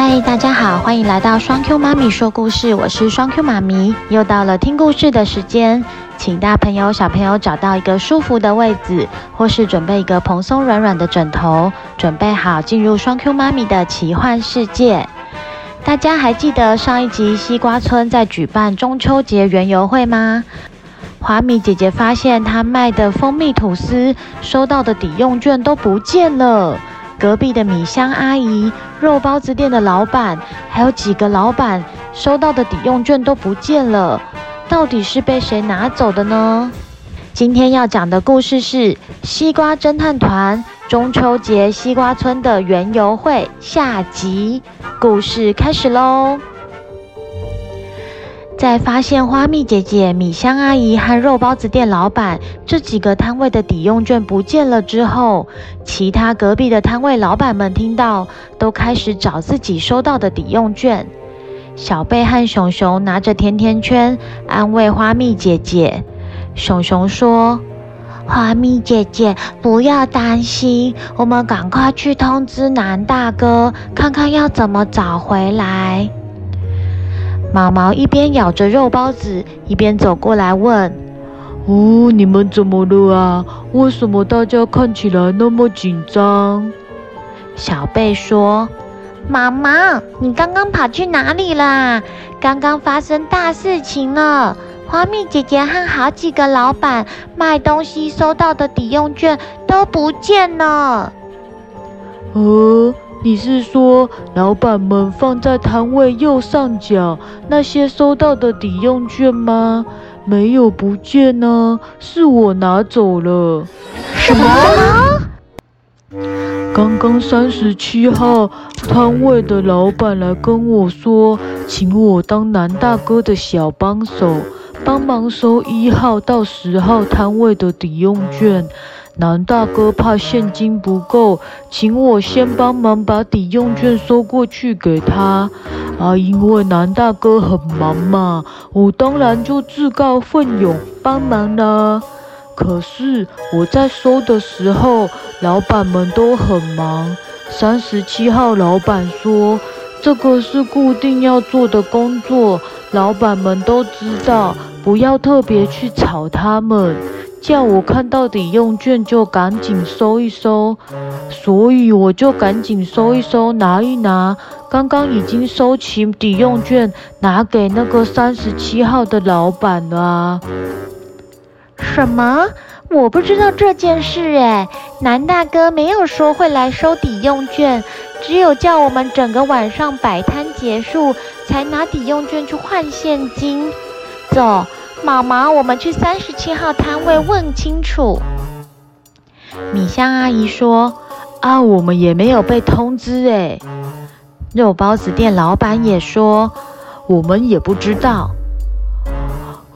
嗨，Hi, 大家好，歡迎來到雙 Q 媽咪說故事，我是雙 Q 媽咪，又到了聽故事的時間，請大朋友小朋友找到一個舒服的位置，或是準備一個蓬鬆軟軟的枕頭，準備好進入雙 Q 媽咪的奇幻世界。大家還記得上一集西瓜村在舉辦中秋節園遊會嗎？華米姐姐發現她賣的蜂蜜吐司收到的抵用券都不見了。隔壁的米香阿姨、肉包子店的老闆，還有幾個老闆收到的抵用券都不見了，到底是被誰拿走的呢？今天要講的故事是《西瓜偵探團》中秋節西瓜村的園遊會，下集故事開始嘍。在發現花蜜姐姐、米香阿姨和肉包子店老闆這幾個攤位的抵用券，不見了之後，其他隔壁的攤位老闆們聽到都開始找自己收到的抵用券。小貝和熊熊拿着甜甜圈安慰花蜜姐姐，熊熊說：“花蜜姐姐，不要擔心，我們趕快去通知南大哥，看看要怎麼找回來。”毛毛一邊咬着肉包子，一邊走過來問：“哦，你們怎麼了啊？為什麼大家看起來那麼緊張？”小貝說：“毛毛，你剛剛跑去哪裡啦？剛剛發生大事情了！花蜜姐姐和好幾個老闆賣東西收到的抵用券都不見了。嗯”哦。你是說老闆們放在攤位右上角那些收到的抵用券嗎？沒有不見呢、啊，是我拿走了。什麼？剛剛三十七號攤位的老闆來跟我說，請我當男大哥的小幫手，幫忙收一號到十號攤位的抵用券。男大哥怕現金不夠，請我先幫忙把抵用券收過去給他。啊，因為男大哥很忙嘛，我當然就自告奮勇幫忙啦。可是我在收的時候，老闆們都很忙。三十七號老闆說：“這個是固定要做的工作，老闆們都知道，不要特別去吵他們。”叫我看到抵用券，就趕緊收一收，所以我就趕緊收一收拿一拿。剛剛已經收起抵用券，拿給那個三十七號的老闆了啊。什麼？我不知道這件事誒，南大哥沒有說會來收抵用券，只有叫我們整個晚上擺攤結束才拿抵用券去換現金。走。媽媽，我們去三十七號攤位問清楚。米香阿姨說：“啊，我們也沒有被通知誒。”肉包子店老闆也說：“我們也不知道。”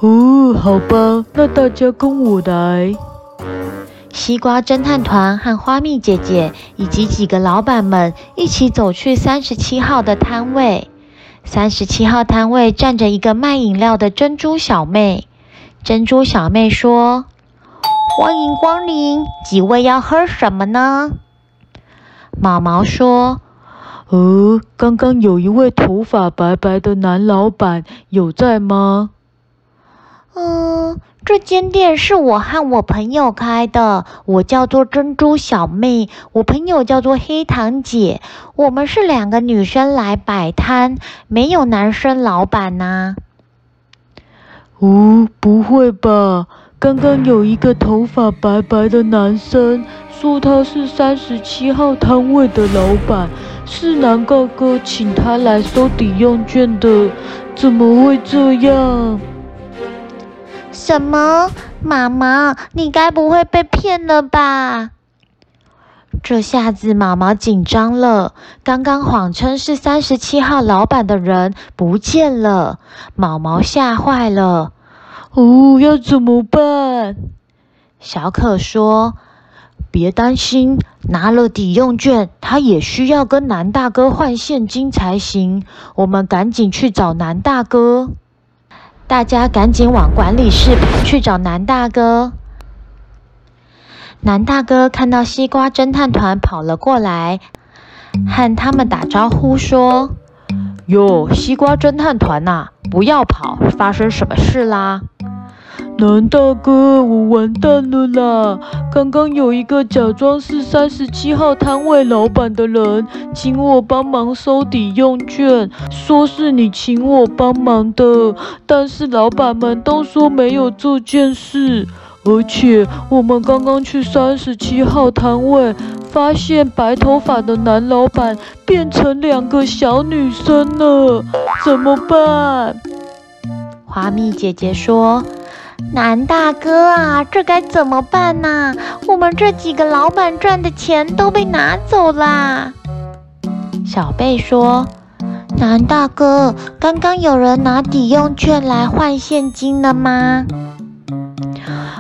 哦，好吧，那大家跟我來。西瓜偵探團和花蜜姐姐以及幾個老闆們一起走去三十七號的攤位。三十七號攤位站着一個賣飲料的珍珠小妹。珍珠小妹說：“歡迎光臨，幾位要喝什麼呢？”毛毛說：“哦、呃，剛剛有一位頭髮白白的男老闆，有在嗎？”嗯、呃。這間店是我和我朋友開的，我叫做珍珠小妹，我朋友叫做黑糖姐，我們是兩個女生來擺攤，沒有男生老板吶、啊。哦，不會吧？剛剛有一個頭髮白白的男生說他是三十七號攤位的老闆，是南高哥請他來收抵用券的，怎麼會這樣？什麼？毛毛你該不會被騙了吧？這下子毛毛緊張了。剛剛謊稱是三十七號老闆的人不見了，毛毛嚇壞了。哦，要怎麼辦？小可說：“別擔心，拿了抵用券，他也需要跟男大哥換現金才行。我們趕緊去找男大哥。”大家趕緊往管理室跑去找南大哥。南大哥看到西瓜偵探團跑了過來，和他們打招呼說：“喲，西瓜偵探團吶、啊，不要跑，發生什麼事啦？”南大哥，我完蛋了啦！剛剛有一個假裝是三十七號攤位老板的人，請我幫忙收抵用券，說是你請我幫忙的，但是老板們都說沒有這件事。而且我們剛剛去三十七號攤位，發現白頭髮的男老板變成兩個小女生了，怎麼辦？花蜜姐姐說。南大哥啊，這該怎麼辦吶、啊？我們這幾個老闆賺的錢都被拿走了。小貝說：“南大哥，剛剛有人拿抵用券來換現金了嗎？”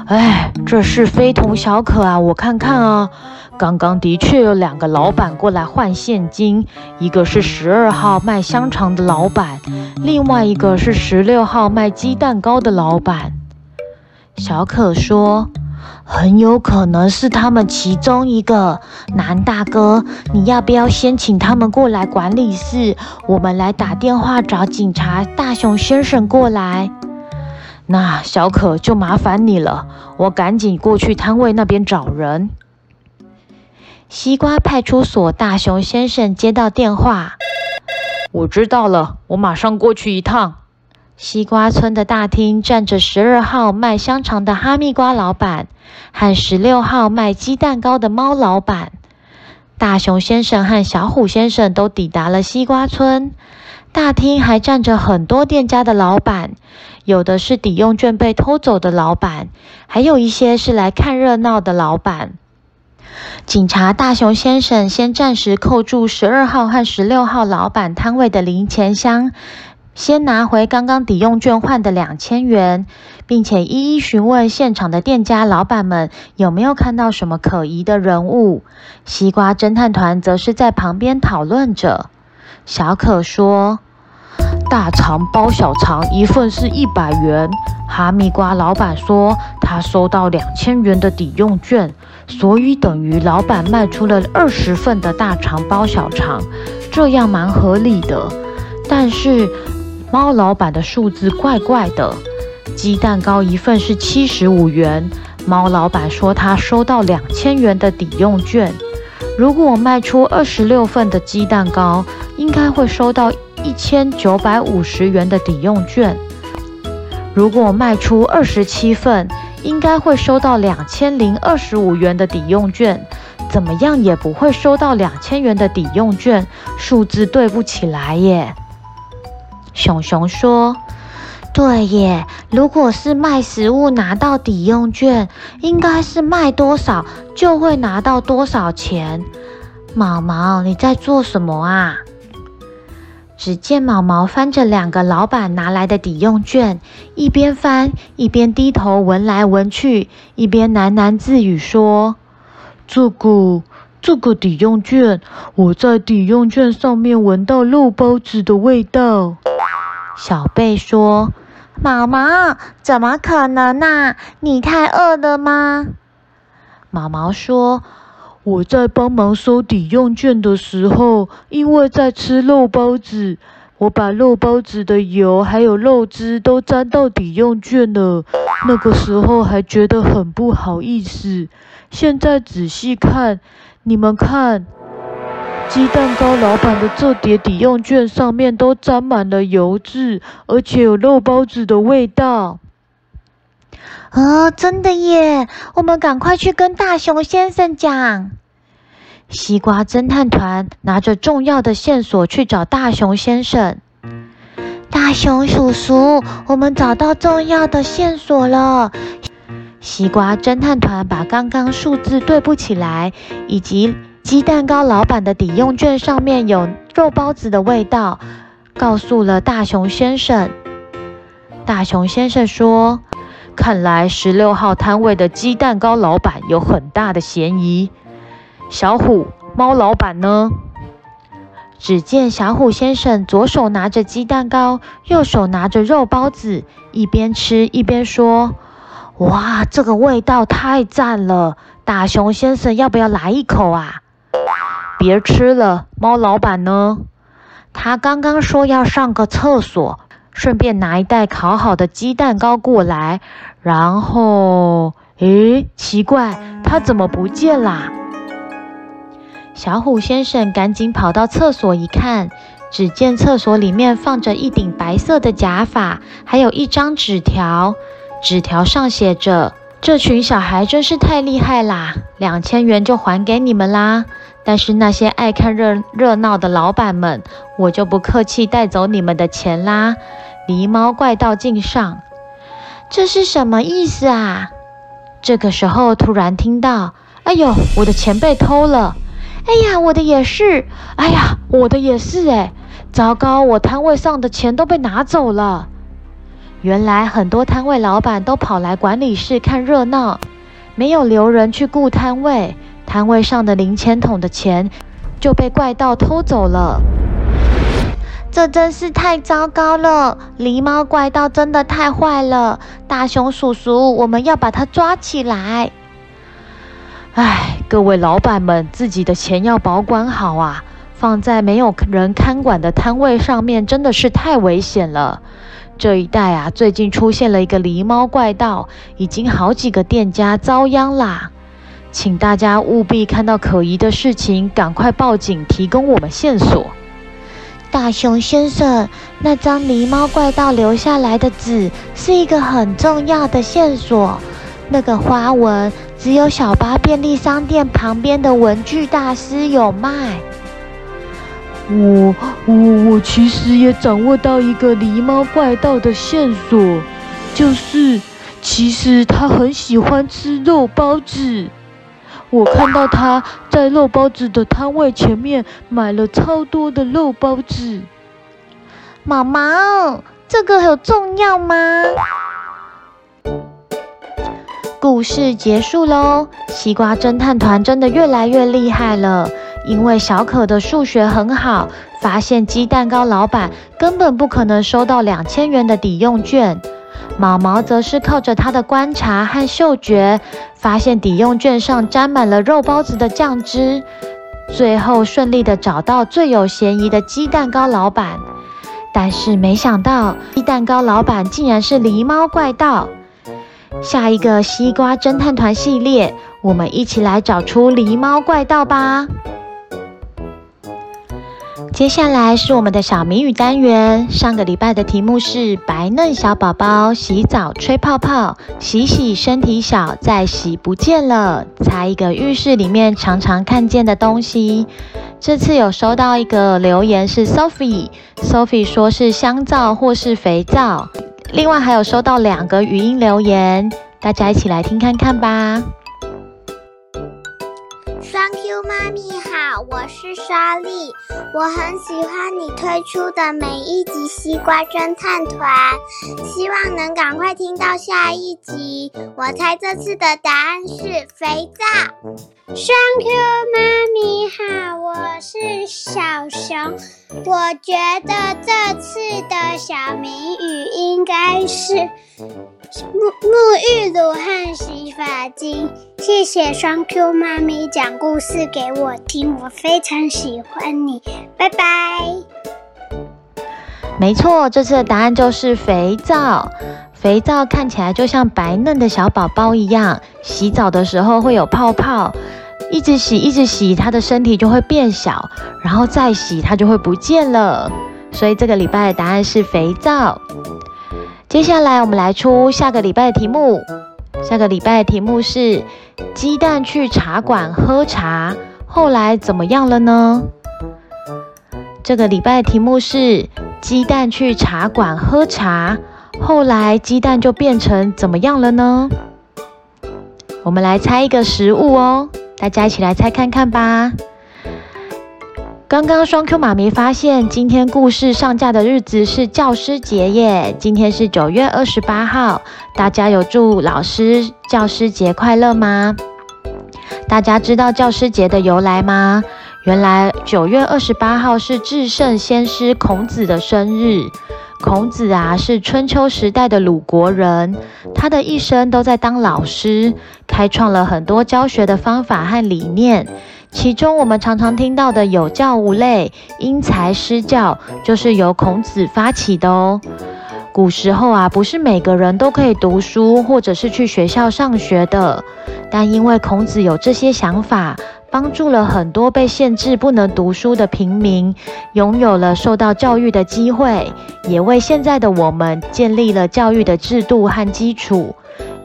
哎，這事非同小可啊！我看看啊，剛剛的確有兩個老闆過來換現金，一個是十二號賣香腸的老闆，另外一個是十六號賣雞蛋糕的老闆。小可說：“很有可能是他們其中一個。男大哥，你要不要先請他們過來管理室？我們來打電話找警察大熊先生過來。那小可就麻煩你了，我趕緊過去攤位那邊找人。西瓜派出所大熊先生接到電話，我知道了，我馬上過去一趟。”西瓜村的大廳站着十二號賣香腸的哈密瓜老闆和十六號賣雞蛋糕的貓老闆。大熊先生和小虎先生都抵達了西瓜村，大廳還站着很多店家的老闆，有的是抵用券被偷走的老闆，還有一些是來看熱鬧的老闆。警察大熊先生先暫時扣住十二號和十六號老闆攤位的零錢箱，先拿回剛剛抵用券換的兩千元，並且一一詢問現場的店家老闆們有沒有看到什麼可疑的人物。西瓜偵探團則是在旁邊討論着。小可說：“大腸包小腸一份是一百元。”哈密瓜老板說：“他收到兩千元的抵用券，所以等於老板賣出了二十份的大腸包小腸，這樣蠻合理的。”但是。貓老闆的數字怪怪的，雞蛋糕一份是七十五元。貓老闆說他收到兩千元的抵用券。如果我賣出二十六份的雞蛋糕，應該會收到一千九百五十元的抵用券。如果我賣出二十七份，應該會收到兩千零二十五元的抵用券。怎麼樣也不會收到兩千元的抵用券，數字對不起來耶。熊熊說：“對耶，如果是賣食物拿到抵用券，應該是賣多少就會拿到多少錢。”毛毛，你在做什麼啊？只見毛毛翻着兩個老板拿來的抵用券，一邊翻一邊低頭聞來聞去，一邊喃喃自語說：“這個，這個抵用券，我在抵用券上面聞到肉包子的味道。”小貝說：“毛毛，怎麼可能呢、啊？你太餓了嗎？”毛毛說：“我在幫忙收抵用券的時候，因為在吃肉包子，我把肉包子的油還有肉汁都沾到抵用券了。那個時候還覺得很不好意思，現在仔細看，你們看。”雞蛋糕老闆的這疊抵用券上面都沾滿了油漬，而且有肉包子的味道。啊、哦，真的耶！我們趕快去跟大熊先生講。西瓜偵探團拿着重要的線索去找大熊先生。大熊叔叔，我們找到重要的線索了。西瓜偵探團把剛剛數字對不起來，以及。雞蛋糕老闆的抵用券上面有肉包子的味道，告訴了大熊先生。大熊先生說：“看來十六號攤位的雞蛋糕老板有很大的嫌疑。”小虎貓老板呢？只見小虎先生左手拿着雞蛋糕，右手拿着肉包子，一邊吃一邊說：“哇，這個味道太讚了！大熊先生要不要來一口啊？”別吃了，貓老闆呢？他剛剛說要上個廁所，順便拿一袋烤好的雞蛋糕過來。然後，誒，奇怪，他怎麼不見啦？小虎先生趕緊跑到廁所一看，只見廁所裡面放着一頂白色的假髮，還有一張紙條。紙條上寫着：“這群小孩真是太厲害啦，兩千元就還給你們啦。”但是那些愛看熱熱鬧的老闆們，我就不客氣帶走你們的錢啦！狸貓怪盜敬上。這是什麼意思啊？這個時候突然聽到，哎呦，我的錢被偷了！哎呀，我的也是！哎呀，我的也是、欸！哎，糟糕，我攤位上的錢都被拿走了！原來很多攤位老闆都跑來管理室看熱鬧，沒有留人去顧攤位。攤位上的零錢桶的錢就被怪盜偷走了，這真是太糟糕了！狸貓怪盜真的太壞了，大熊叔叔，我們要把他抓起來！哎，各位老闆們，自己的錢要保管好啊，放在沒有人看管的攤位上面真的是太危險了。這一帶啊，最近出現了一個狸貓怪盜，已經好幾個店家遭殃啦。請大家務必看到可疑的事情，趕快報警，提供我們線索。大熊先生，那張狸貓怪盜留下來的紙是一個很重要的線索。那個花紋只有小巴便利商店旁邊的文具大師有賣。我我我其實也掌握到一個狸貓怪盜的線索，就是其實他很喜歡吃肉包子。我看到他在肉包子的攤位前面買了超多的肉包子。媽媽，這個很重要嗎？故事結束嘍，西瓜偵探團真的越來越厲害了，因為小可的數學很好，發現雞蛋糕老闆根本不可能收到兩千元的抵用券。毛毛則是靠着他的觀察和嗅覺，發現抵用卷上沾滿了肉包子的醬汁，最後順利地找到最有嫌疑的雞蛋糕老板。但是沒想到，雞蛋糕老板竟然是狸貓怪盜。下一個西瓜偵探團系列，我們一起來找出狸貓怪盜吧。接下來是我們的小謎語單元。上個禮拜的題目是：白嫩小寶寶洗澡吹泡泡，洗洗身體小，再洗不見了。猜一個浴室裡面常常看見的東西。這次有收到一個留言是 Sophie，Sophie 說是香皂或是肥皂。另外還有收到兩個語音留言，大家一起來聽看看吧。Thank you，媽咪。我是莎莉，我很喜歡你推出的每一集《西瓜偵探團》，希望能趕快聽到下一集。我猜這次的答案是肥皂。雙 Q 媽咪好，我是小熊。我覺得這次的小謎語應該是沐沐浴乳和洗髮精。謝謝雙 Q 媽咪講故事給我聽，我非常喜歡你，拜拜。沒錯，這次的答案就是肥皂。肥皂看起來就像白嫩的小寶寶一樣，洗澡的時候會有泡泡。一直洗，一直洗，它的身體就會變小，然後再洗它就會不見了。所以這個禮拜的答案是肥皂。接下來我們來出下個禮拜的題目。下個禮拜的題目是雞蛋去茶館喝茶，後來怎麼樣了呢？這個禮拜的題目是雞蛋去茶館喝茶，後來雞蛋就變成怎麼樣了呢？我們來猜一個食物哦。大家一起來猜看看吧！剛剛雙 Q 媽咪發現，今天故事上架的日子是教師節耶，今天是九月二十八號，大家有祝老師教師節快樂嗎？大家知道教師節的由來嗎？原來九月二十八號是至聖先師孔子的生日。孔子啊，是春秋時代的魯國人，他的一生都在當老師，開創了很多教學的方法和理念。其中我們常常聽到的“有教無類”、“因材施教”，就是由孔子發起的哦。古時候啊，不是每個人都可以讀書，或者是去學校上學的，但因為孔子有這些想法。幫助了很多被限制不能讀書的平民，擁有了受到教育的機會，也為現在的我們建立了教育的制度和基礎。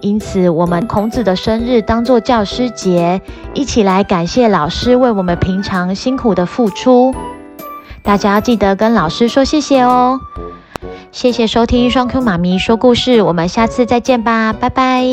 因此，我們孔子的生日當做教師節，一起來感謝老師為我們平常辛苦的付出。大家要記得跟老師說謝謝哦。謝謝收聽雙 Q 媽咪說故事，我們下次再見吧，拜拜。